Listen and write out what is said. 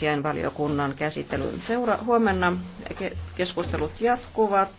Sianvaliokunnan käsittelyyn. Seura- huomenna keskustelut jatkuvat.